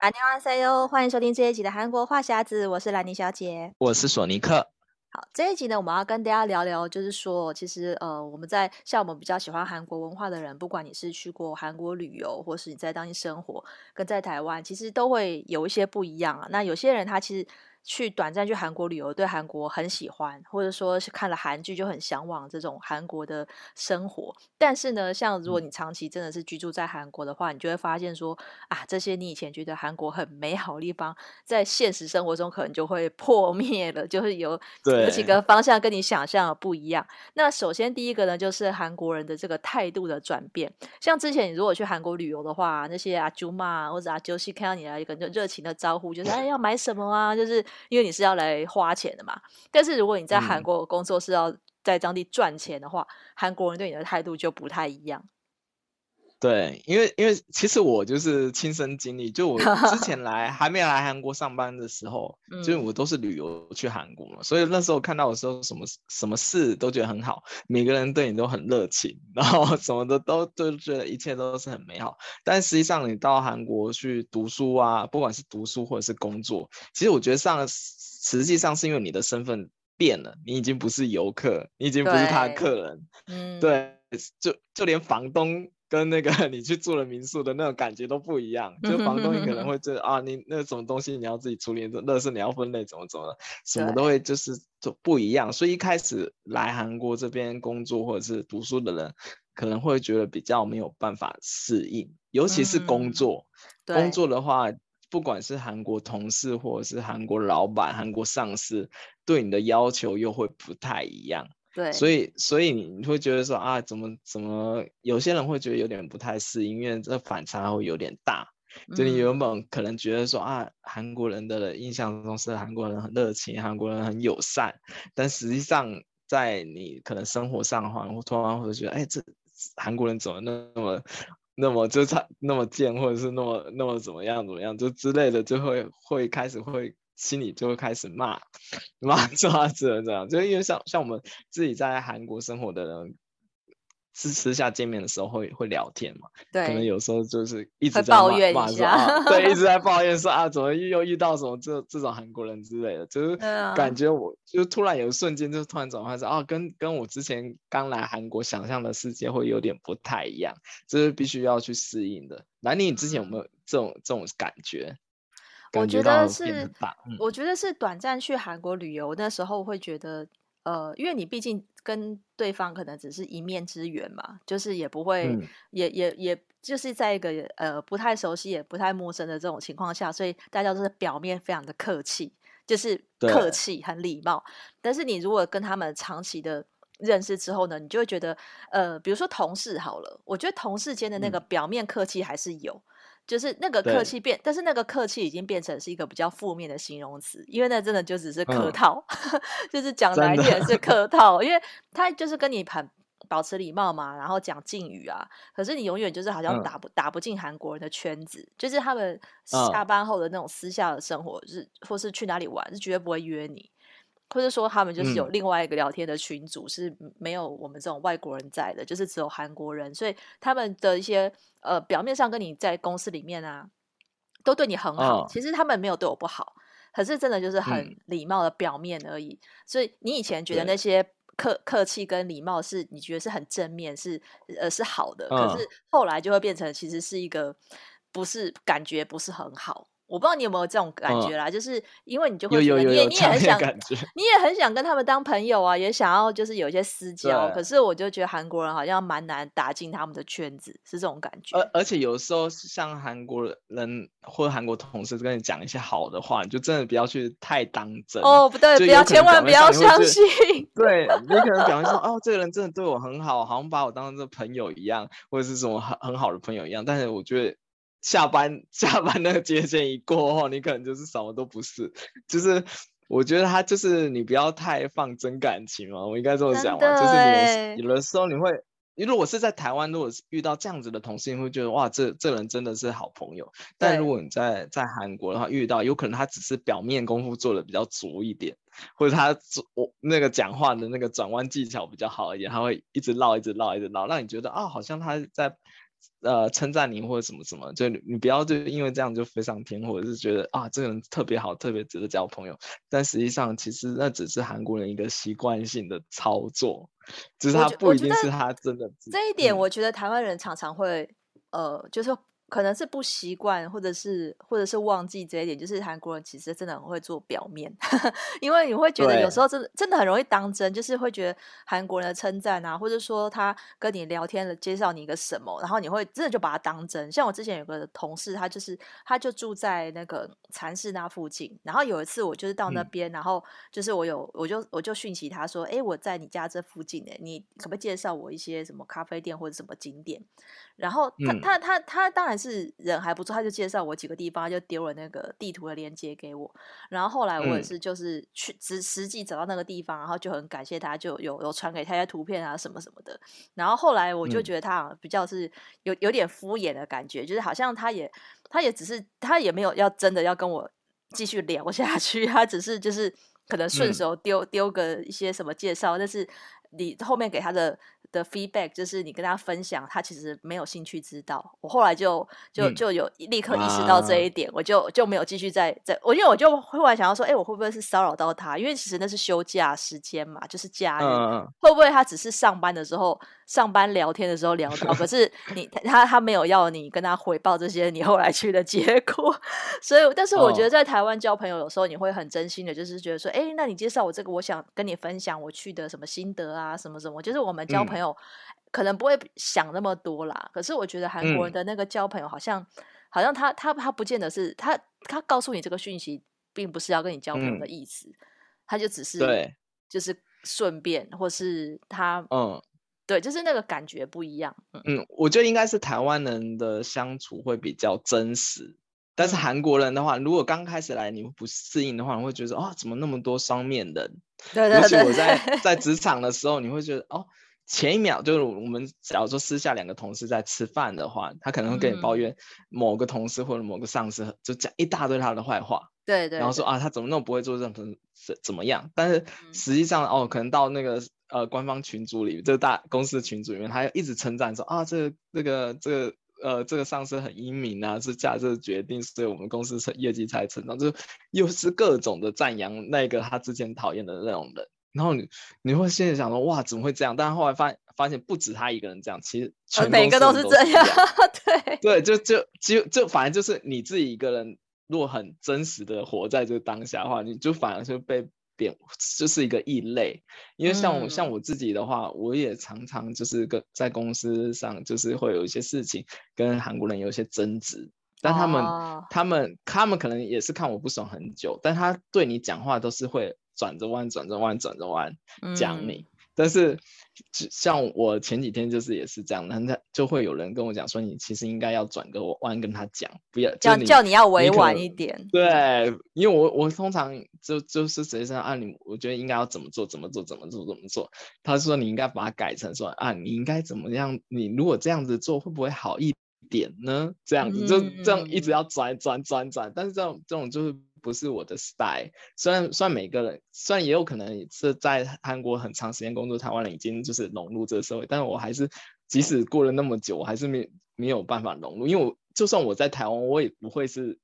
안녕하세요，歡迎收聽這一集的韓國話匣子，我是蘭妮小姐，我是索尼客。好，這一集呢，我們要跟大家聊聊，就是說，其實呃，我們在像我們比較喜歡韓國文化的人，不管你是去過韓國旅遊，或是你在當地生活，跟在台灣，其實都會有一些不一樣啊。那有些人他其實。去短暫去韓國旅遊，對韓國很喜歡，或者說是看了韓劇就很向往這種韓國的生活。但是呢，像如果你長期真的是居住在韓國的話，嗯、你就會發現說啊，這些你以前覺得韓國很美好的地方，在現實生活中可能就會破滅了，就是有有幾個方向跟你想象不一樣。對那首先第一個呢，就是韓國人的這個態度的轉變。像之前你如果去韓國旅遊的話，那些阿朱媽或者阿朱西看到你來，一個就熱情的招呼，就是、嗯、哎要買什麼啊，就是。因為你是要來花錢的嘛，但是如果你在韓國工作是要在當地賺錢的話，嗯，韓國人對你的態度就不太一樣。對，因為因為其實我就是親身經歷，就我之前來 還沒來韓國上班的時候，就是我都是旅遊去韓國嘛，嗯、所以那時候看到我說，什麼什麼事都覺得很好，每個人對你都很熱情，然後什麼的都都覺得一切都是很美好。但實際上你到韓國去讀書啊，不管是讀書或者是工作，其實我覺得上實際上是因為你的身份變了，你已經不是遊客，你已經不是他的客人，對對嗯，對，就就連房東。跟那個你去住了民宿的那種感覺都不一樣，就房東也可能會覺得嗯哼嗯哼啊，你那種、個、東西你要自己處理，那是、嗯嗯、你要分類怎麼怎麼的，什麼都會就是不一樣。對所以一開始來韓國這邊工作或者是讀書的人，可能會覺得比較沒有辦法適應，尤其是工作。嗯、哼工作的話，對不管是韓國同事或者是韓國老闆、韓國上司，對你的要求又會不太一樣。對，所以，所以所以你你會覺得說，啊，怎麼怎麼有些人會覺得有點不太適應，因為這反差會有點大。就你原本可能覺得說啊，韓國人的印象中是韓國人很熱情，韓國人很友善，但實際上在你可能生活上的話，我突然會覺得，哎，這韓國人怎麼那麼那麼那麼就差那麼賤，或者是那麼那麼怎麼樣怎麼樣就之類的，就會會開始會。心裡就會開始罵，罵抓着這樣，就是因為像像我們自己在韓國生活的人，私私下見面的時候會會聊天嘛，對，可能有時候就是一直在抱怨一下、啊，對，一直在抱怨說啊，怎麼又又遇到什麼這這種韓國人之類的，就是感覺我、啊、就突然有一瞬間就突然轉換說啊，跟跟我之前剛來韓國想象的世界會有點不太一樣，就是必須要去適應的。蘭妮，你之前有沒有這種、嗯、這種感覺？覺，我覺得是，嗯、我覺得是短暫去韓國旅遊那時候會覺得，呃，因為你畢竟跟對方可能只是一面之緣嘛，就是也不會，也也、嗯、也，也也就是在一個呃不太熟悉也不太陌生的這種情況下，所以大家都是表面非常的客氣，就是客氣對很禮貌。但是你如果跟他們長期的認識之後呢，你就會覺得，呃，比如說同事好了，我覺得同事間的那個表面客氣還是有。嗯就是那個客氣變，對但是那個客氣已經變成是一個比較負面的形容詞，因為那真的就只是客套，嗯、 就是講難聽點是客套，的因為他就是跟你很保持禮貌嘛，然後講敬語啊，可是你永遠就是好像打不、嗯、打不進韓國人的圈子，就是他們下班後的那種私下的生活、嗯、是，或是去哪裡玩是絕對不會約你。或者說，他們就是有另外一個聊天的群組，嗯、是沒有我們這種外國人在的，就是只有韓國人，所以他們的一些呃表面上跟你在公司裡面啊，都對你很好，哦、其實他們沒有對我不好，可是真的就是很禮貌的表面而已。嗯、所以你以前覺得那些客對客氣跟禮貌是你覺得是很正面，是呃是好的，哦、可是後來就會變成其實是一個不是感覺不是很好。我不知道你有沒有這種感覺啦，嗯、就是因為你就會，你你也很想，你也很想跟他們當朋友啊，也想要就是有一些私交。對可是我就覺得韓國人好像蠻難打進他們的圈子，是這種感覺。而而且有時候像韓國人或韓國同事跟你講一些好的話，你就真的不要去太當真。哦，不對，不要，千萬不要相信。 對，有可能表面說哦，這個人真的對我很好，好像把我當成朋友一樣，或者是什麼很很好的朋友一樣。但是我覺得。下班下班那個界線一過後，你可能就是什麼都不是。就是我覺得他就是你不要太放真感情了。我應該這麼講吧。就是有，有的時候你會，如果是在台灣，如果遇到這樣子的同事，你會覺得哇，這這人真的是好朋友。但如果你在對在韓國的話，遇到有可能他只是表面功夫做的比較足一點，或者他我那個講話的那個轉彎技巧比較好一點，他會一直繞，一直繞，一直繞，一直繞，讓你覺得啊、哦，好像他在。呃，稱讚你或者什麼什麼，就你，你不要就因為這樣就飛上天，或者是覺得啊，這個人特別好，特別值得交朋友。但實際上，其實那只是韓國人一個習慣性的操作，只是他不一定是他真的。這一點，我覺得，我覺得台灣人常常會呃，就是。可能是不習慣，或者是或者是忘記這一點，就是韓國人其實真的很會做表面， 因為你會覺得有時候真的對真的很容易當真，就是會覺得韓國人的稱讚啊，或者說他跟你聊天了，介紹你一個什麼，然後你會真的就把它當真。像我之前有個同事，他就是他就住在那個蠶室那附近，然後有一次我就是到那邊，嗯、然後就是我有我就我就訊息他說，哎、欸，我在你家這附近哎、欸，你可不可以介紹我一些什麼咖啡店或者什麼景點？然後他、嗯、他他他當然。但是人還不錯，他就介紹我幾個地方，就丟了那個地圖的鏈接給我。然後後來我也是就是去、嗯、實實際找到那個地方，然後就很感謝他，就有有傳給他一些圖片啊什麼什麼的。然後後來我就覺得他比較是有有點敷衍的感覺，嗯、就是好像他也他也只是他也沒有要真的要跟我繼續聊下去，他只是就是可能順手丟丟、嗯、個一些什麼介紹，但是。你後面給他的的 feedback，就是你跟他分享，他其實沒有興趣知道。我後來就就就有立刻意識到這一點，嗯、我就就沒有繼續再再我，因為我就忽然想到說，哎、欸，我會不會是騷擾到他？因為其實那是休假時間嘛，就是假日，嗯、會不會他只是上班的時候？上班聊天的時候聊到， 可是你他他沒有要你跟他回報這些你後來去的結果，所以但是我覺得在台灣交朋友有時候你會很真心的，就是覺得說，哎、哦欸，那你介紹我這個，我想跟你分享我去的什麼心得啊，什麼什麼，就是我們交朋友可能不會想那麼多啦。嗯、可是我覺得韓國人的那個交朋友好像、嗯、好像他他他不見得是他他告訴你這個訊息，並不是要跟你交朋友的意思，嗯、他就只是對，就是順便或是他嗯。對，就是那個感覺不一樣。嗯，嗯，我覺得應該是台灣人的相處會比較真實。嗯、但是韓國人的話，如果剛開始來你不適應的話，你會覺得哦，怎麼那麼多雙面人？對，對對對。尤其我在在職場的時候，你會覺得哦，前一秒就是我們假如說私下兩個同事在吃飯的話，他可能會跟你抱怨某個同事或者某個上司，嗯、就講一大堆他的壞話。對，對對。然後說啊，他怎麼那麼不會做這，任何怎怎麼樣？但是實際上、嗯、哦，可能到那個。呃，官方群組裡面，這個大公司群組裡面，他一直稱讚說啊，這個、這個這個呃，這個上司很英明啊，是價值決定，是對我們公司成業績才成長，就是又是各種的讚揚那個他之前討厭的那種人。然後你你會心裡想說哇，怎麼會這樣？但後來發發現，不止他一個人這樣，其實全而每個都是這樣。對對，就就就就反正就是你自己一個人，如果很真實的活在這個當下的話，你就反而就被。變就是一個異類，因為像我、嗯、像我自己的話，我也常常就是跟在公司上，就是會有一些事情跟韓國人有一些爭執，但他們、哦、他們他們可能也是看我不爽很久，但他對你講話都是會轉着彎轉着彎轉着彎講你。嗯但是，像我前幾天就是也是這樣的，他就會有人跟我講說，你其實應該要轉個彎跟他講，不要叫叫你，你要委婉一點。對，因為我我通常就就是直接說啊，你我覺得應該要怎麼做，怎麼做，怎麼做，怎麼做。他說你應該把它改成說啊，你應該怎麼樣？你如果這樣子做會不會好一點呢？這樣子嗯嗯就這樣一直要轉轉轉轉，但是這種這種就是。不是我的 style，雖然雖然每個人，雖然也有可能是在韓國很長時間工作，台灣人已經就是融入這個社會，但是我還是，即使過了那麼久，我還是沒沒有辦法融入，因為我就算我在台灣，我也不會是。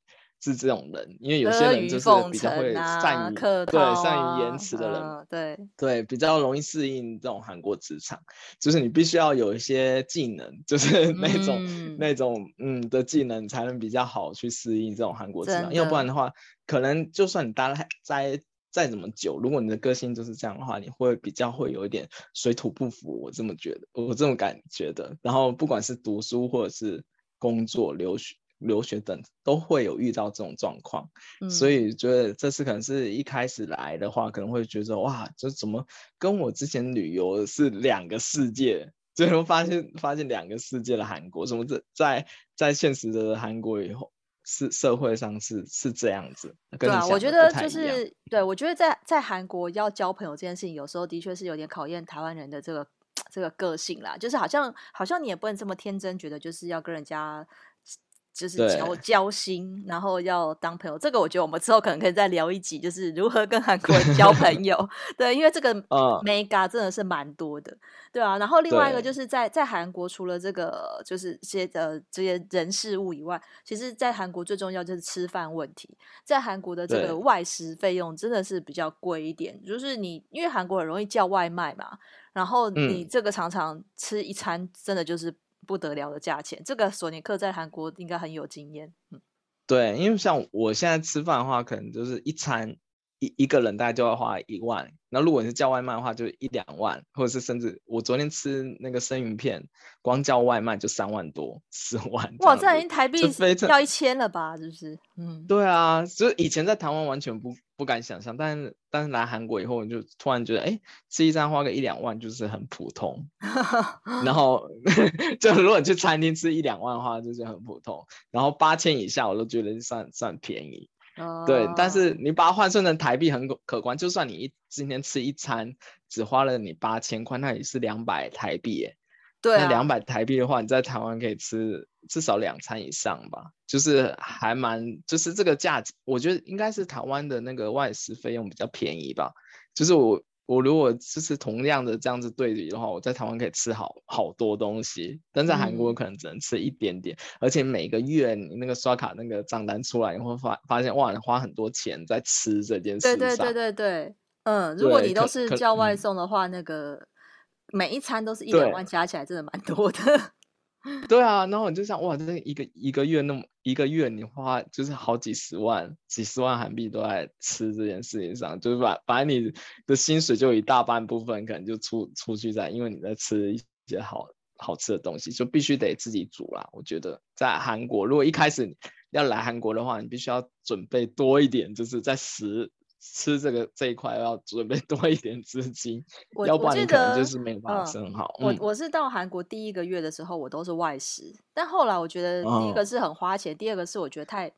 是這種人，因為有些人就是比較會善於、啊、對善於言辭的人，啊、對對比較容易適應這種韓國職場。就是你必須要有一些技能，就是那種、嗯、那種嗯的技能，才能比較好去適應這種韓國職場。要不然的話，可能就算你待了再怎麼久，如果你的個性就是這樣的話，你會比較會有一點水土不服。我這麼覺得，我這種感覺的。然後不管是讀書或者是工作留學。留學等都會有遇到這種狀況，嗯、所以覺得這次可能是一開始來的話，可能會覺得哇，這怎麼跟我之前旅遊是兩個世界，最後發現，發現兩個世界的韓國，怎麼在在在現實的韓國以後是社會上是是這樣子。樣，對啊，我覺得就是對，我覺得在在韓國要交朋友這件事情，有時候的確是有點考驗台灣人的這個這個個性啦，就是好像好像你也不能這麼天真，覺得就是要跟人家。就是交交心，然後要當朋友，這個我覺得我們之後可能可以再聊一集，就是如何跟韓國人交朋友。 對，因為這個 mega 真的是蠻多的，對啊。然後另外一個就是在在韓國除了這個就是些呃這些人事物以外，其實在韓國最重要就是吃飯問題。在韓國的這個外食費用真的是比較貴一點，對就是你因為韓國很容易叫外賣嘛，然後你這個常常吃一餐真的就是。不得了的價錢，這個索尼客在韓國應該很有經驗。嗯、對，因為像我現在吃飯的話，可能就是一餐一一個人大概就要花一萬。那如果你是叫外賣的話，就一兩萬，或者是甚至我昨天吃那個生魚片，光叫外賣就三萬多，四、嗯、萬。哇，這已經台幣要一千了吧？是不、就是？嗯，對啊，就是以前在台灣完全不。不敢想象，但是但是來韓國以後，你就突然覺得，哎，吃一餐花個一兩萬就是很普通， 然後 就如果你去餐廳吃一兩萬的話，就是很普通，然後八千以下我都覺得算算便宜，oh. 對，但是你把它換算成台幣很可觀，就算你一今天吃一餐只花了你八千塊，那也是兩百台幣耶。對啊，那兩百台幣的話，你在台灣可以吃至少兩餐以上吧，就是還蠻，就是這個價值，我覺得應該是台灣的那個外食費用比較便宜吧。就是我我如果就是同樣的這樣子對比的話，我在台灣可以吃好好多東西，但在韓國我可能只能吃一點點。嗯、而且每個月你那個刷卡那個賬單出來，你會發發現哇，你花很多錢在吃這件事上。對對對對對，嗯，如果你都是叫外送的話，那個對。每一餐都是一兩萬，加起來對真的蠻多的。對啊，然後你就想，哇，這個、一個一個月那麼一個月，你花就是好幾十萬、幾十萬韓幣都在吃這件事情上，就是把把你的薪水就一大半部分可能就出出去在，因為你在吃一些好好吃的東西，就必須得自己煮啦。我覺得在韓國，如果一開始你要來韓國的話，你必須要準備多一點，就是在食。吃這個這一塊要準備多一點資金，我我記得要不然就是沒有辦法生好。嗯、我我是到韓國第一個月的時候，我都是外食，但後來我覺得第一個是很花錢，嗯、第二個是我覺得太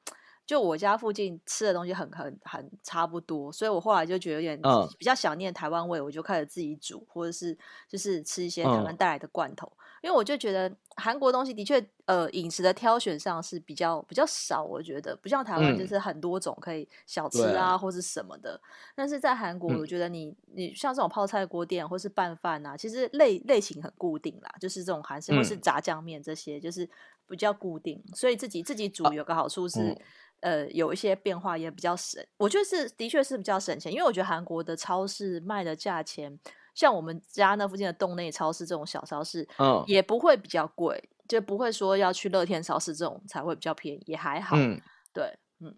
就我家附近吃的東西很很很差不多，所以我後來就覺得有點、嗯、比較想念台灣味，我就開始自己煮，或者是就是吃一些台灣帶來的罐頭。嗯因為我就覺得韓國東西的確，呃，飲食的挑選上是比較比較少，我覺得不像台灣，就是很多種可以小吃啊、嗯、或者什麼的。啊、但是在韓國，我覺得你、嗯、你像這種泡菜鍋店或是拌飯啊，其實類類型很固定啦，就是這種韓式、嗯、或是炸醬麵這些，就是比較固定。所以自己自己煮有個好處是，啊嗯、呃，有一些變化也比較省。我覺得是的確是比較省錢，因為我覺得韓國的超市賣的價錢。像我們家那附近的洞內超市這種小超市，嗯、哦，也不會比較貴，就不會說要去樂天超市這種才會比較便宜，也還好。嗯，對，嗯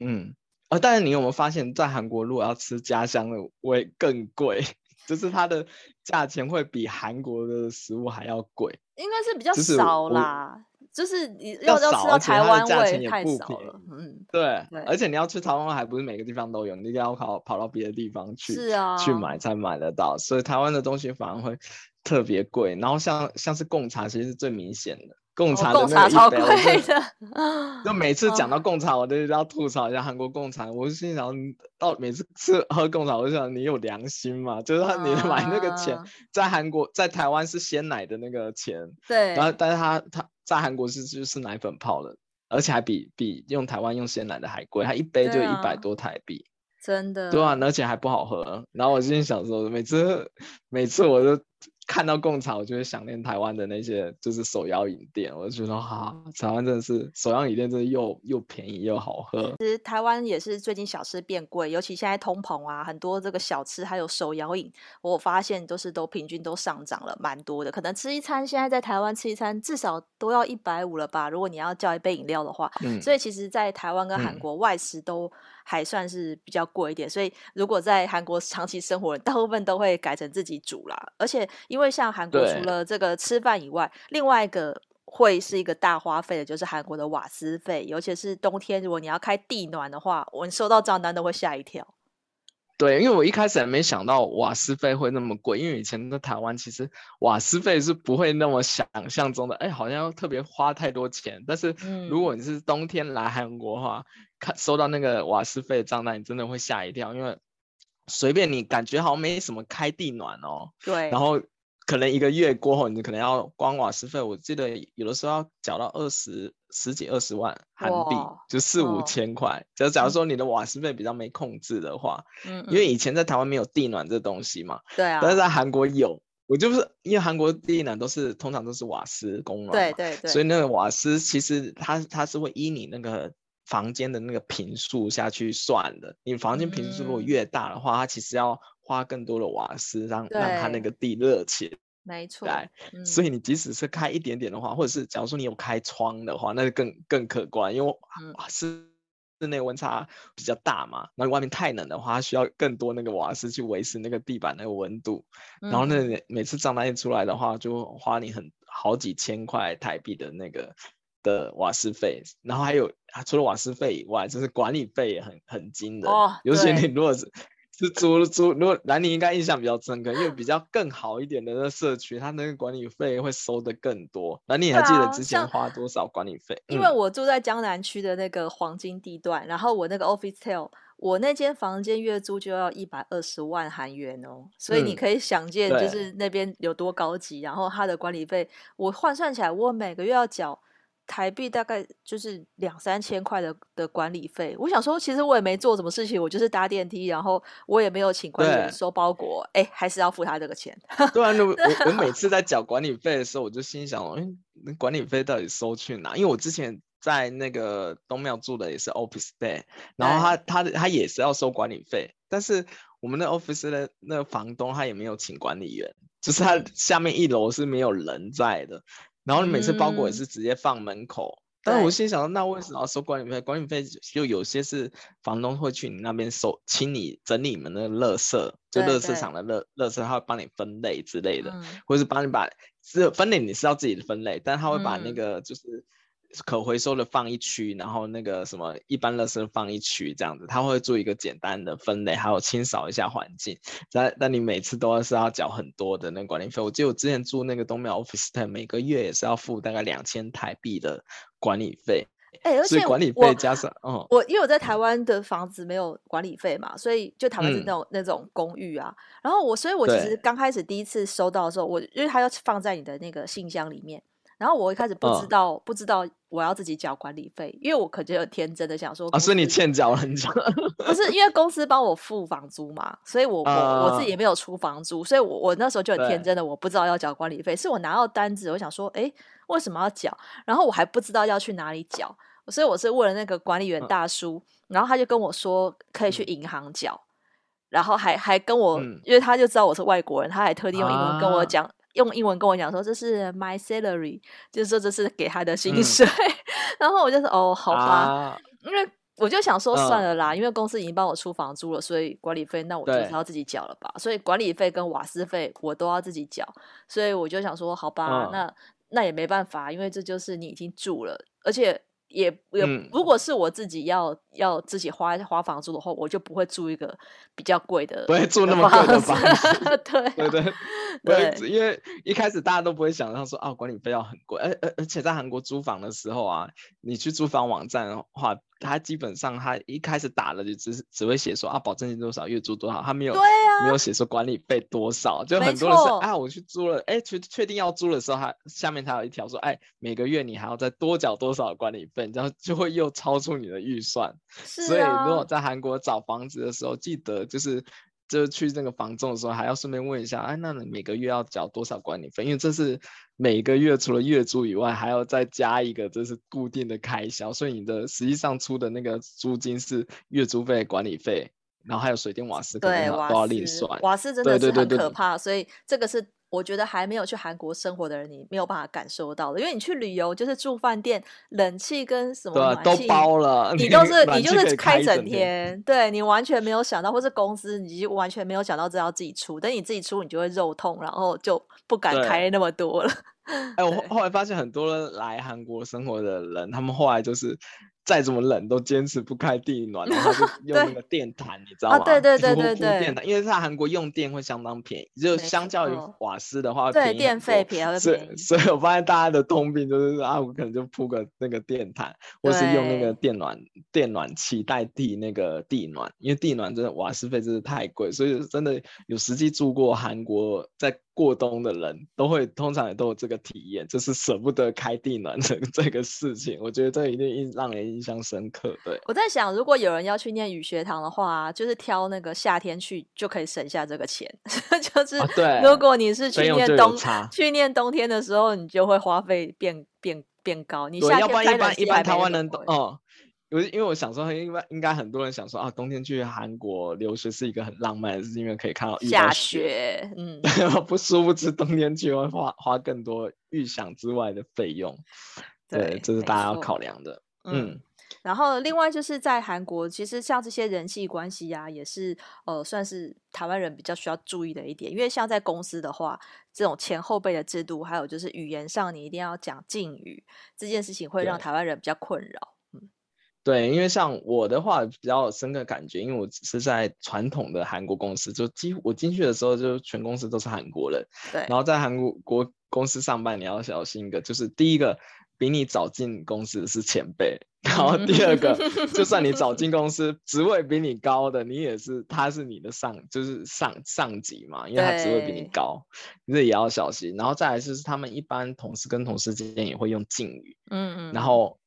嗯，哦，但是你有沒有發現，在韓國如果要吃家鄉的會更貴， 就是它的價錢會比韓國的食物還要貴，應該是比較少啦。就是你要要吃到台灣，價錢也不便宜。嗯，對，對而且你要吃台灣還不是每個地方都有，你就要跑跑到別的地方去，是啊，去買才買得到。所以台灣的東西反而會特別貴，然後像像是貢茶，其實是最明顯的。貢茶的那個，哦、超貴的就。就每次講到貢茶，我都要吐槽一下韓國貢茶。嗯、我就心想，到每次吃喝貢茶，我就想你有良心嗎？就是他，你買那個錢，嗯、在韓國在台灣是鮮奶的那個錢，對。然後，但是它它在韓國是就是奶粉泡的，而且還比比用台灣用鮮奶的還貴，它一杯就一百多台幣，啊、真的。對啊，而且還不好喝。然後我心裡想說，每次每次我都。看到貢茶，我就會想念台灣的那些，就是手搖飲店。我就覺得，哈，台灣真的是手搖飲店，真的又又便宜又好喝。其實台灣也是最近小吃變貴，尤其現在通膨啊，很多這個小吃還有手搖飲，我發現都是都平均都上漲了蠻多的。可能吃一餐，現在在台灣吃一餐至少都要一百五了吧？如果你要叫一杯飲料的話。嗯，所以其實，在台灣跟韓國外食都還算是比較貴一點。嗯，所以如果在韓國長期生活的，大部分都會改成自己煮啦，而且。因為像韓國除了這個吃飯以外，對另外一個會是一個大花費的，就是韓國的瓦斯費，尤其是冬天，如果你要開地暖的話，我收到賬單都會嚇一跳。對，因為我一開始還沒想到瓦斯費會那麼貴，因為以前的台灣其實瓦斯費是不會那麼想象中的，哎，好像特別花太多錢。但是如果你是冬天來韓國的話，看收到那個瓦斯費的賬單，你真的會嚇一跳，因為隨便你感覺好像沒什麼開地暖哦。對，然後。可能一個月過後，你可能要光瓦斯費，我記得有的時候要繳到二十十幾二十萬韓幣，哇就四五千塊。就、哦、假、假如說你的瓦斯費比較沒控制的話，嗯嗯因為以前在台灣沒有地暖這東西嘛，對啊、嗯嗯，但是在韓國有，我就不是因為韓國地暖都是通常都是瓦斯供暖，對對對，所以那個瓦斯其實它它是會依你那個房間的那個坪數下去算的，你房間坪數如果越大的話，嗯、它其實要。花更多的瓦斯讓對讓它那個地熱起來，沒錯。來，所以你即使是開一點點的話，嗯、或者是假如說你有開窗的話，那就更更可觀，因為瓦斯室內溫差比較大嘛。那、嗯、外面太冷的話，需要更多那個瓦斯去維持那個地板那個溫度。嗯、然後那每次帳單一出來的話，就花你很好幾千塊台幣的那個的瓦斯費。然後還有啊，除了瓦斯費以外，就是管理費也很很驚人。哦，尤其你如果是。 是租租，如果蘭妮應該印象比較深刻，因為比較更好一點的那個社區，它那個管理費會收得更多。那你還記得之前花多少管理費？啊嗯、因為我住在江南區的那個黃金地段，然後我那個 office tell，我那間房間月租就要一百二十萬韓元哦，所以你可以想見，就是那邊有多高級，嗯、然後它的管理費，我換算起來，我每個月要繳。台幣大概就是兩三千塊的的管理費，我想說，其實我也沒做什麼事情，我就是搭電梯，然後我也沒有請管理員收包裹，哎！對，還是要付他這個錢。對啊，那 我我每次在繳管理費的時候，我就心想，那、 哎、管理費到底收去哪？因為我之前在那個東廟住的也是 office day，然後他、哎、他他也是要收管理費，但是我們的 office 的那個房東他也沒有請管理員，就是他下面一樓是沒有人在的。嗯然後你每次包裹也是直接放門口，嗯、但是我心想到，對那為什麼要收管理費？管理費就有些是房東會去你那邊收，清理整理你們的垃圾，對對，就垃圾場的垃圾，他會幫你分類之類的，嗯、或是幫你把，只有分類你是要自己分類，但他會把那個就是。嗯可回收的放一區，然後那個什麼一般垃圾放一區，這樣子他會做一個簡單的分類，還有清掃一下環境但。但你每次都是要繳很多的那個管理費？我記得我之前住那個東廟 Office 每個月也是要付大概兩千台幣的管理費。哎、欸，而且管理費加上哦，我,、嗯、我因為我在台灣的房子沒有管理費嘛，嗯、所以就台灣的那種、嗯、那種公寓啊。然後我所以我其實剛對開始第一次收到的時候，我因為它要放在你的那個信箱裡面。然後我一開始不知道，哦、不知道我要自己交管理費，因為我可就有天真的想說，啊，所以你欠繳了，久，繳，不是 因為公司幫我付房租嘛，所以我、呃、我我自己也沒有出房租，所以我我那時候就很天真的，我不知道要交管理費，是對我拿到單子，我想說，哎、欸，為什麼要繳？然後我還不知道要去哪裡繳，所以我是問了那個管理員大叔，嗯、然後他就跟我說可以去銀行繳，然後還還跟我，嗯、因為他就知道我是外國人，他還特地用英文跟我講。啊用英文跟我講說這是 my salary，就是說這是給他的薪水。嗯、 然後我就說哦好吧，啊、因為我就想說算了啦，嗯、因為公司已經幫我出房租了，所以管理費那我就得要自己繳了吧。對所以管理費跟瓦斯費我都要自己繳。所以我就想說好吧，嗯、那那也沒辦法，因為這就是你已經住了，而且。也也，嗯、如果是我自己要要自己花花房租的話，我就不會住一個比較貴的，不會住那麼貴的房，對對對，因為一開始大家都不會想到說啊管理費要很貴，而而而且在韓國租房的時候啊，你去租房網站的話。他基本上，他一開始打了就只是只會寫說啊，保證金多少，月租多少，他沒有，啊、沒有寫說管理費多少。就很多人說錯啊，我去租了，哎、欸，確確定要租的時候，他下面他有一條說，哎、欸，每個月你還要再多繳多少管理費，然後就會又超出你的預算。啊、所以如果在韓國找房子的時候，記得就是就是去那個房仲的時候，還要順便問一下，哎、啊，那你每個月要繳多少管理費？因為這是。每個月除了月租以外，還要再加一個，就是固定的開銷。所以你的實際上出的那個租金是月租費、管理費，然後還有水電瓦斯，對，可能都要另算。瓦斯真的很可怕，對對對對，所以這個是。我覺得還沒有去韓國生活的人，你沒有辦法感受到的，因為你去旅遊就是住飯店，冷氣跟什麼、啊、都包了，你都是你，你就是開整天， 對，你完全沒有想到，或是公司你就完全沒有想到這要自己出，等你自己出你就會肉痛，然後就不敢開那麼多了。哎，我後來發現很多人來韓國生活的人，他們後來就是。再怎麼冷都堅持不開地暖， 然後就用那個電毯， 對你知道嗎、啊？對對對對對，對。鋪電毯，因為在韓國用電會相當便宜，對就相較於瓦斯的話，對電費比較便宜。所以所以我發現大家的通病就是啊，我可能就鋪個那個電毯，對或是用那個電暖電暖器代替那個地暖，因為地暖真的瓦斯費真的太貴，所以真的有實際住過韓國在過冬的人都會通常也都有這個體驗，就是舍不得開地暖的這個事情。我覺得這一定讓人。印象深刻。對，我在想，如果有人要去念語學堂的話、啊，就是挑那個夏天去就可以省下這個錢。 就是，啊、對、啊，如果你是去念冬，去念冬天的時候，你就會花費變變變高。對你夏天，要一百台灣元。萬能哦，我、嗯、因為我想說，應該應該很多人想說啊，冬天去韓國留學是一個很浪漫的事情，是因為可以看到雪下雪。嗯， 不殊不知冬天去會花花更多預想之外的費用。對，對，這是大家要考量的。嗯，嗯然後另外就是在韓國，其實像這些人際關係呀、啊，也是呃算是台灣人比較需要注意的一點，因為像在公司的話，這種前後輩的制度，還有就是語言上你一定要講敬語，這件事情會讓台灣人比較困擾。嗯，對，因為像我的話比較深刻的感覺，因為我是在傳統的韓國公司，就幾乎我進去的時候，就全公司都是韓國人。對。然後在韓國國公司上班，你要小心一個，就是第一個。比你早進公司的是前輩，然後第二個， 就算你早進公司，職位比你高的，你也是他是你的上，就是上上級嘛，因為他職位比你高，你對也要小心。然後再來就是他們一般同事跟同事之間也會用敬語，嗯嗯，然後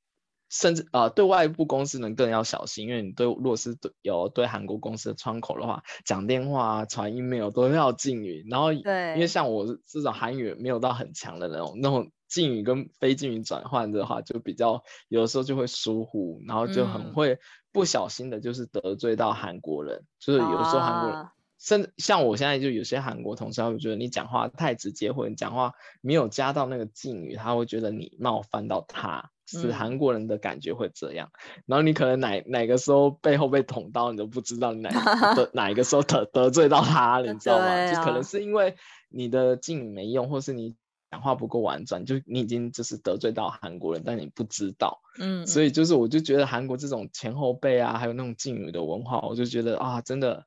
甚至啊、呃，對外部公司呢更要小心，因為你對若是有對韓國公司的窗口的話，講電話啊、傳 email 都要敬語，然後對因為像我這種韓語沒有到很強的那種那種。敬語跟非敬語轉換的話，就比較有時候就會疏忽，然後就很會不小心的，就是得罪到韓國人。嗯、就是有時候韓國人，啊、甚至像我現在就有些韓國同事，他會覺得你講話太直接，或者你講話沒有加到那個敬語，他會覺得你冒犯到他，是韓國人的感覺會這樣。嗯、然後你可能哪哪個時候背後被捅刀，你都不知道你哪個 哪一個時候得得罪到他了、啊，你知道嗎？ 啊、就可能是因為你的敬語沒用，或是你。講話不夠婉轉，就你已經就是得罪到韓國人，但你不知道。嗯，嗯，所以就是我就覺得韓國這種前後輩啊，還有那種敬語的文化，我就覺得啊，真的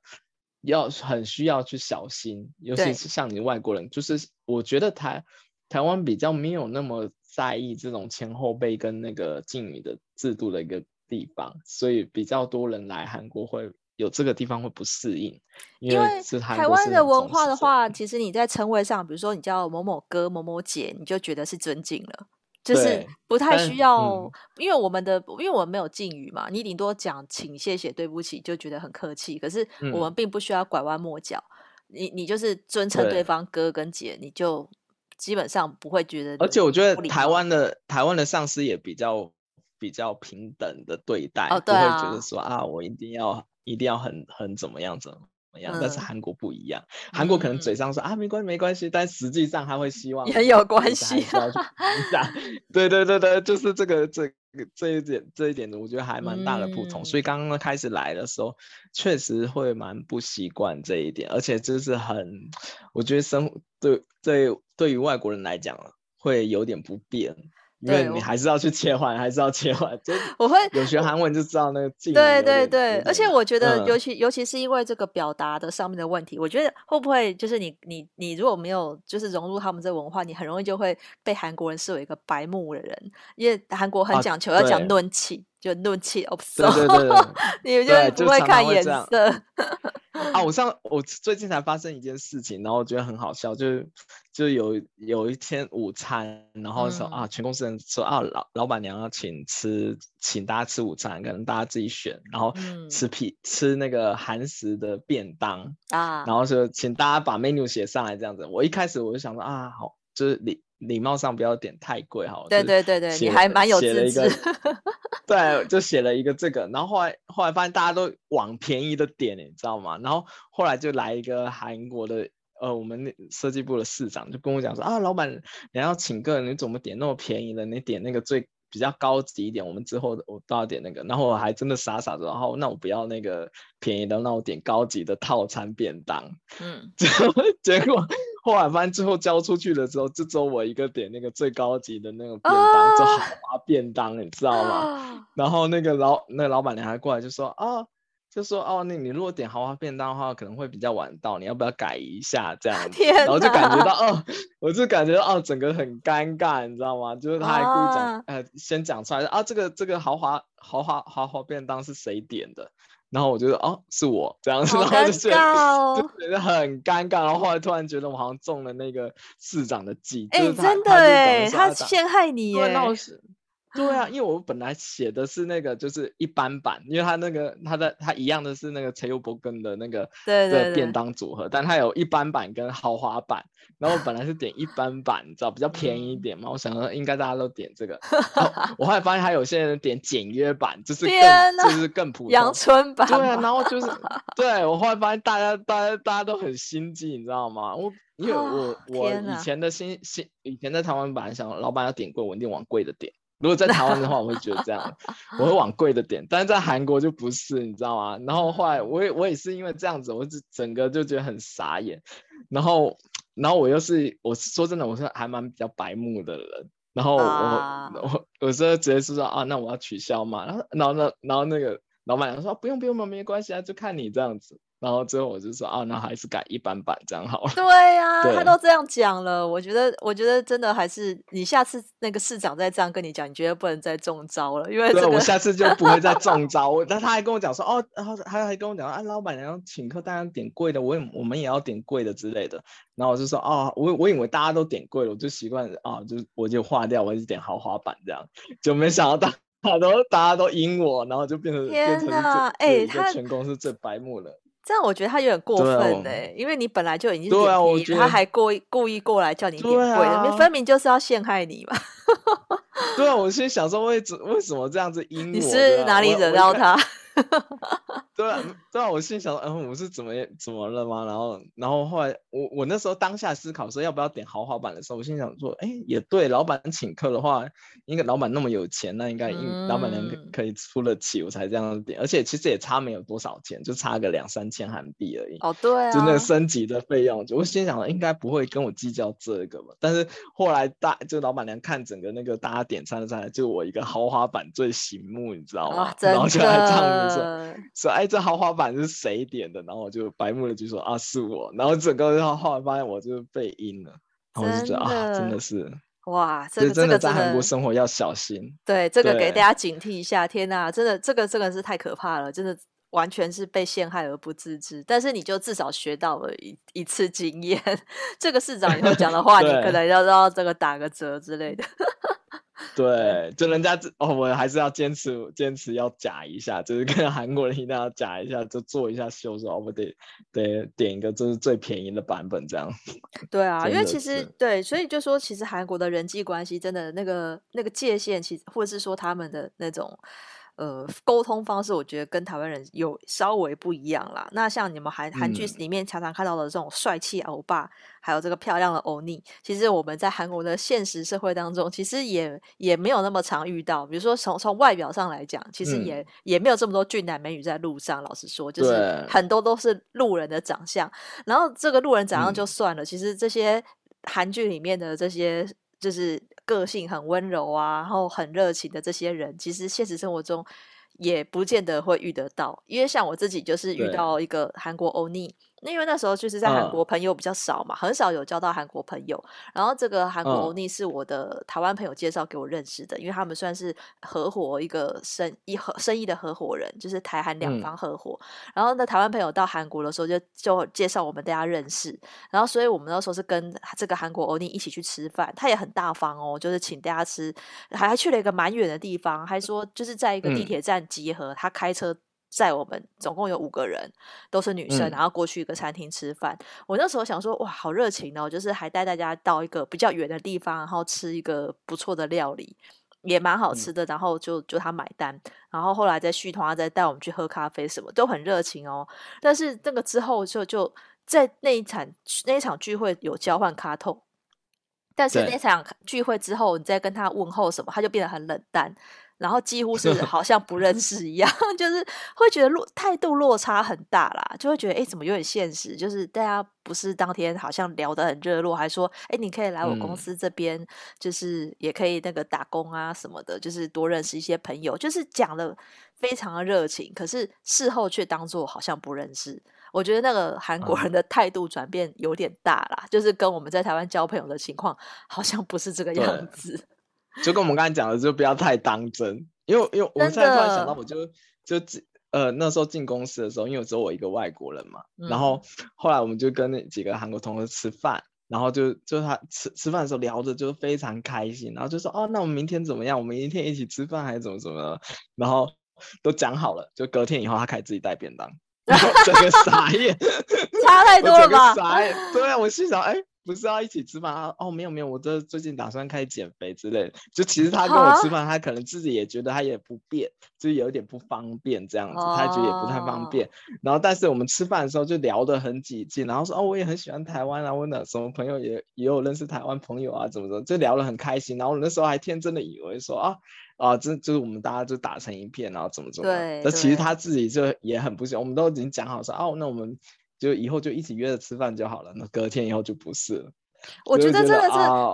要很需要去小心，尤其是像你外國人，對就是我覺得台台灣比較沒有那麼在意這種前後輩跟那個敬語的制度的一個地方，所以比較多人來韓國會。有這個地方會不適應，因為，因為台灣的文化的話，其實你在稱謂上，比如說你叫某某哥、某某姐，你就覺得是尊敬了，對就是不太需要。嗯、因為我們的，因為我們沒有敬語嘛，你頂多講請、謝謝、對不起，就覺得很客氣。可是我們並不需要拐彎抹角，嗯、你你就是尊稱對方哥跟姐，對你就基本上不會覺得。而且我覺得台灣的台灣的上司也比較比較平等的對待，哦對啊、不會覺得說啊，我一定要。一定要很很怎麼樣怎麼樣？嗯、但是韓國不一樣，韓國可能嘴上說、嗯、啊沒關係沒關係，但實際上他會希望很有關係、啊、 對對對對，就是這個這個這一點這一點我覺得還蠻大的不同。嗯、所以剛剛開始來的時候，確實會蠻不習慣這一點，而且就是很，我覺得生對對對於外國人來講會有點不便。對，你還是要去切換，還是要切換。我會有學韓文就知道那個敬語。對對對，而且我覺得，尤其、嗯、尤其是因為這個表達的上面的問題，我覺得會不會就是你你你如果沒有就是融入他們這文化，你很容易就會被韓國人視為一個白目的人，因為韓國很講求要講論氣。啊.就怒氣，哦、對不，對， 你們就不會，就常常會看顏顏色 啊！我上我最近才發生一件事情，然後我覺得很好笑，就是就有有一天午餐，然後說、嗯、啊，全公司人說啊，老老闆娘要請吃，請大家吃午餐，可能大家自己選，然後吃皮、嗯、吃那個韓食的便當啊，然後說請大家把 menu 寫上來這樣子。我一開始我就想說啊，好，就是禮禮貌上不要點太貴哈。好對對對對，寫你還蠻有自信。 對，就寫了一個這個，然後後來後來發現大家都往便宜的點，你知道嗎？然後後來就來一個韓國的，呃，我們那設計部的市長就跟我講說啊，老板你要請客，你怎麼點那麼便宜的？你點那個最比較高級一點，我們之後我都要點那個。然後我還真的傻傻的，然後那我不要那個便宜的，那我點高級的套餐便當。嗯，結結果。後晚班之後交出去的時候，就只有我一個點那個最高級的那個便當，oh, 就豪華便當，你知道嗎？Oh. 然後那個老那個老板娘還過來就說，哦，就說哦，那你如果點豪華便當的話，可能會比較晚到，你要不要改一下這樣？天哪。然後就感覺到，哦，我就感覺到，哦，整個很尷尬，你知道嗎？就是他還故意講，oh. 呃，先講出來，啊，這個這個豪華豪華豪華便當是誰點的？然後我覺得哦是我這樣子，好哦，然後就覺，就覺得很尷尬，然後後來突然覺得我好像中了那個市長的計，欸，真的哎，他，他陷害你，亂鬧事。 對啊，因為我本來寫的是那個就是一般版，因為他那個他的他一樣的是那個陳油伯根的那個對，對，對，便當組合，但他有一般版跟豪華版，然後我本來是點一般版， 你知道比較便宜一點嘛，嗯、我想說應該大家都點這個，然後我後來發現還有些人點簡約版，就是更，就是更普通，陽春版，對啊，然後就是對我後來發現大家大家大家都很心機，你知道嗎？我因為我我以前的心心以前在台灣版想老闆要點貴，我一定往貴的點。如果在台灣的話，我會覺得這樣，我會往貴的點， 但是在韓國就不是，你知道嗎？然後後來我，我我也是因為這樣子，我整整個就覺得很傻眼，然後然後我又是我是說真的，我是還蠻比較白目的人，然後我、啊、我有時候直接是說，說啊，那我要取消嘛，然後然後呢然後那個老闆娘說不用不用沒關係啊，就看你這樣子。然後最後我就說啊，那還是改一般版這樣好了。對呀，啊，對他都這樣講了，我覺得，我覺得真的還是你下次那個市長再這樣跟你講，你覺得不能再中招了，因為對，我下次就不會再中招。我， 但他還跟我講說哦，然後他還跟我講啊，老闆娘請客大家點貴的，我也我們也要點貴的之類的。然後我就說啊，哦，我我以為大家都點貴了，我就習慣啊，就我就劃掉，我一直點豪華版這樣，就沒想到大然大家都贏我，然後就變成天哪，哎，全公司是最白目了。但我覺得他有點過分呢、欸，啊、因為你本來就已經點貴、啊，他還故意故意過來叫你點貴，你、啊、分明，就是要陷害你嘛。 對啊，我先想說為為什麼這樣子陰我，你是，是哪裡惹到他？ 哈哈哈哈對啊對啊，我心想，嗯、呃，我是怎麼怎麼了嗎？然後然後後來我我那時候當下思考說要不要點豪華版的時候，我心想說，哎，也對，老闆請客的話，應該老闆那麼有錢，那應該老闆娘可以出得起，嗯、我才這樣點。而且其實也差沒有多少錢，就差個兩三千韓幣而已。哦，對、啊，就那個升級的費用，我心想應該不會跟我計較這個吧。但是後來大就老闆娘看整個那個大家點餐上來，就我一個豪華版最醒目，你知道嗎、啊？哦、然後就來唱歌。說說哎，嗯、所所，這豪華版是誰點的？然後我就白目了，就說啊，是我。然後整個然後後來發現我就被陰了，然後我就覺得的啊，真的是哇，這個這個在韓國生活要小心。對，這個給大家警惕一下。對天哪，啊，真的這個真的，這個，是太可怕了，真的，完全是被陷害而不自知。但是你就至少學到了一一次經驗。 這個市長以後講的話， 對你可能要要這個打個折之類的。 對，就人家哦，我還是要堅持堅持要假一下，就是跟韓國人一定要假一下，就做一下秀，說哦，我得得點一個，就是最便宜的版本這樣。對啊，因為其實對，所以就說其實韓國的人際關係真的那個那個界限，其實或者是說他們的那種。呃，溝通方式我覺得跟台灣人有稍微不一樣啦。那像你們韓、嗯、韓劇裡面常常看到的這種帥氣歐巴，還有這個漂亮的歐尼，其實我們在韓國的現實社會當中，其實也也沒有那麼常遇到。比如說從從外表上來講，其實也、嗯、也沒有這麼多俊男美女在路上。老實說，就是很多都是路人的長相。然後這個路人長相就算了，嗯、其實這些韓劇裡面的這些就是。個性很溫柔啊，然後很熱情的這些人，其實現實生活中，也不見得會遇得到，因為像我自己就是遇到一個韓國歐尼，那對因為那時候就是在韓國朋友比較少嘛，uh, 很少有交到韓國朋友。然後這個韓國歐尼是我的台灣朋友介紹給我認識的，uh, 因為他們算是合夥一個生一合生意的合夥人，就是台韓兩方合夥。嗯、然後那台灣朋友到韓國的時候就就介紹我們大家認識，然後所以我們那時候是跟這個韓國歐尼一起去吃飯，他也很大方哦、喔，就是請大家吃，還還去了一個蠻遠的地方，還說就是在一個地鐵站。集合，他開車載我們，總共有五個人，都是女生，嗯、然後過去一個餐廳吃飯。我那時候想說，哇，好熱情哦，就是還帶大家到一個比較遠的地方，然後吃一個不錯的料理，也蠻好吃的。嗯、然後就就他買單，然後後來再續攤啊，再帶我們去喝咖啡，什麼都很熱情哦。但是那個之後就就在那一場那一場聚會有交換卡透，但是那場聚會之後，你再跟他問候什麼，他就變得很冷淡。然後幾乎是好像不認識一樣， 就是會覺得落態度落差很大啦，就會覺得哎、欸，怎麼有點現實？就是大家不是當天好像聊得很熱絡，還說哎、欸，你可以來我公司這邊，嗯、就是也可以那個打工啊什麼的，就是多認識一些朋友，就是講得非常的熱情，可是事後卻當做好像不認識。我覺得那個韓國人的態度轉變有點大啦，嗯、就是跟我們在台灣交朋友的情況好像不是這個樣子。就跟我們剛才講的，就不要太當真，因為因為我們現在突然想到，我就的就呃那時候進公司的時候，因為只有我一個外國人嘛，嗯、然後後來我們就跟那幾個韓國同事吃飯，然後就就他吃吃飯的時候聊着就非常開心，然後就說哦、啊、那我們明天怎麼樣？我們明天一起吃飯還是怎麼怎麼？然後都講好了，就隔天以後他開始自己帶便當， 然後整個傻眼，差太多了吧？ 傻眼，對啊，我心想哎。欸不是要、啊、一起吃飯啊？哦，沒有沒有，我這最近打算開始減肥之類的。就其實他跟我吃飯，Oh. 他可能自己也覺得他也不便，就有點不方便這樣子，Oh. 他覺得也不太方便。然後但是我們吃飯的時候就聊得很起勁，然後說哦，我也很喜歡台灣啊，然後我哪什麼朋友也也有認識台灣朋友啊，怎麼怎麼，就聊得很開心。然後那時候還天真的以為說啊啊，這就是我們大家就打成一片，然後怎麼怎麼。對。那其實他自己就也很不喜歡。對我們都已經講好說哦、啊，那我們。就以後就一起約着吃飯就好了。那隔天以後就不是了。我覺得真的是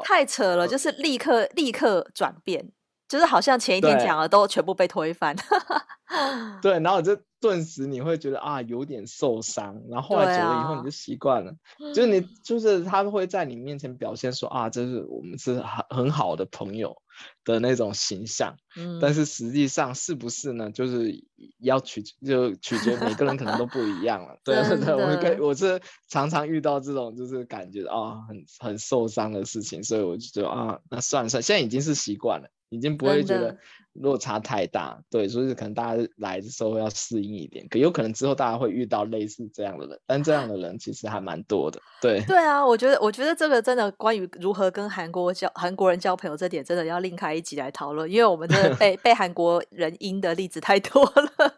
太扯了，哦、就是立刻立刻轉變，就是好像前一天講了都全部被推翻。對， 對，然後就頓時你會覺得啊有點受傷，然後後來久了以後你就習慣了。啊、就是你就是他會在你面前表現說啊，這是我們是很很好的朋友。的那種形象，但是實際上是不是呢？嗯、就是要取就取決每個人可能都不一樣了。 對，對對，我我我是常常遇到這種就是感覺啊、哦、很很受傷的事情，所以我就覺得啊那算了算，現在已經是習慣了。已經不會覺得落差太大，的對，所以可能大家來的時候要適應一點，可有可能之後大家會遇到類似這樣的人，但這樣的人其實還蠻多的，唉對。對啊，我覺得，我覺得這個真的關於如何跟韓國交，韓國人交朋友這點，真的要另開一集來討論，因為我們的被 被韓國人陰的例子太多了。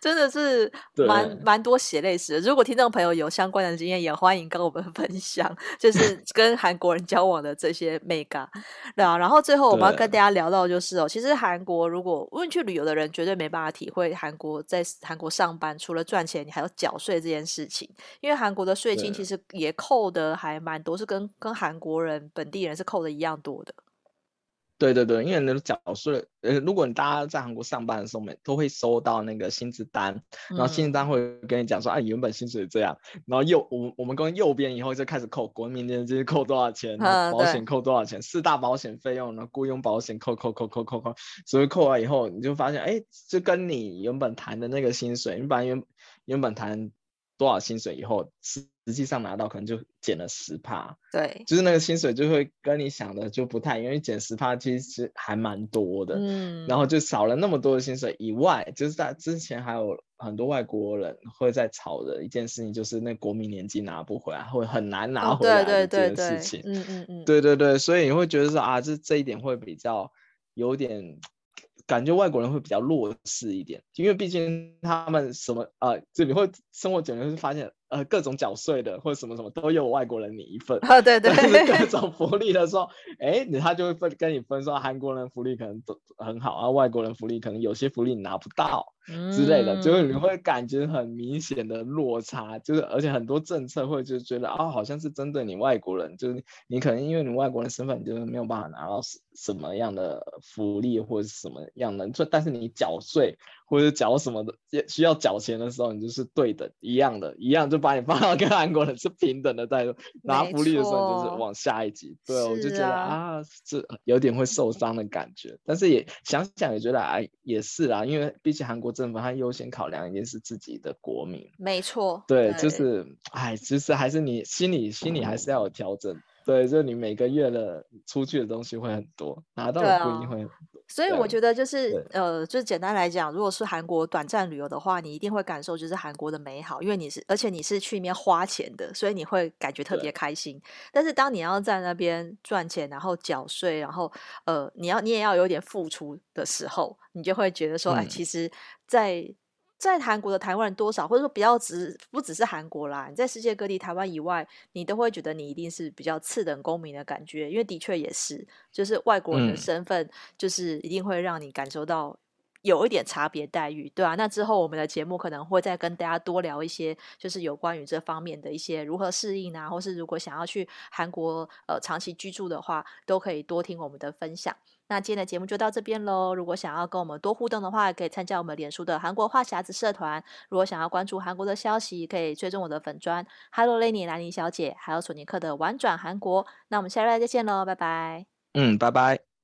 真的是蠻蠻對多血淚史。如果聽眾朋友有相關的經驗，也歡迎跟我們分享，就是跟韓國人交往的這些眉角 然後最後我們要跟大家聊到的就是哦，對其實韓國如果問去旅遊的人，絕對沒辦法體會韓國，在韓國上班除了賺錢，你還要繳稅這件事情。因為韓國的稅金其實也扣得還蠻多，對是跟跟韓國人本地人是扣得一樣多的。對對對，因為你的述了，呃，如果你大家在韓國上班的時候，每都會收到那個薪資單，嗯、然後薪資單會跟你講說，啊、哎，原本薪水這樣，然後右，我們我們跟右邊以後就開始扣國民年金，扣多少錢，保險扣多少錢，啊、四大保險費用，然後雇傭保險扣扣扣扣扣扣，所以扣完以後，你就發現，哎，就跟你原本談的那個薪水，原本原原本談多少薪水以後是。實際上拿到可能就減了十趴，對，就是那個薪水就會跟你想的就不太，因為減十趴其實是還蠻多的，嗯，然後就少了那麼多的薪水以外，就是在之前還有很多外國人會在吵的一件事情，就是那國民年金拿不回來，會很難拿回來這、嗯、件事情，嗯嗯嗯，嗯嗯對對對，所以你會覺得說啊，這這一點會比較有點感覺外國人會比較弱勢一點，因為畢竟他們什麼啊、呃，就你會生活久了會發現。呃，各種繳稅的或者什麼什麼都有外國人你一份啊、哦，對對，各種福利的時候，哎，你他就會跟你分說，韓國人福利可能都很好啊，外國人福利可能有些福利你拿不到之類的，嗯、就是你會感覺很明顯的落差，就是而且很多政策會就覺得啊、哦，好像是針對你外國人，就是你可能因為你外國人身份，就是沒有辦法拿到什什麼樣的福利或者什麼樣的，就但是你繳稅。或者繳什麼的，也需要繳錢的時候，你就是對等，一樣的，一樣就把你放到跟韓國人是平等的待遇，錯拿福利的時候就是往下一級。對，啊、我就覺得啊，這有點會受傷的感覺。嗯、但是也想想也覺得，啊，也是啦，因為畢竟韓國政府，他優先考量一定是自己的國民。沒錯錯。對，對、就是唉，就是，哎，其實還是你心裡心裡還是要有調整。嗯、對，就你每個月的出去的東西會很多，拿到的不一定會很多。所以我覺得就是呃，就簡單來講，如果是韓國短暫旅遊的話，你一定會感受就是韓國的美好，因為你是，而且你是去那邊花錢的，所以你會感覺特別開心。對但是當你要在那邊賺錢，然後繳稅，然後呃，你要你也要有點付出的時候，你就會覺得說，嗯、哎，其實，在。在韓國的台灣人多少，或者說比較只不只是韓國啦，你在世界各地台灣以外，你都會覺得你一定是比較次等公民的感覺，因為的確也是，就是外國人的身份，就是一定會讓你感受到有一點差別待遇，嗯、對啊，那之後我們的節目可能會再跟大家多聊一些，就是有關於這方面的一些如何適應啊，或是如果想要去韓國呃長期居住的話，都可以多聽我們的分享。那今天的節目就到這邊嘍。如果想要跟我們多互動的話，可以參加我們臉書的韓國話匣子社團。如果想要關注韓國的消息，可以追蹤我的粉專。“Hello Lenny” 蘭妮小姐，還有索尼客的“玩轉韓國”。那我們下禮拜再見嘍，拜拜。嗯，拜拜。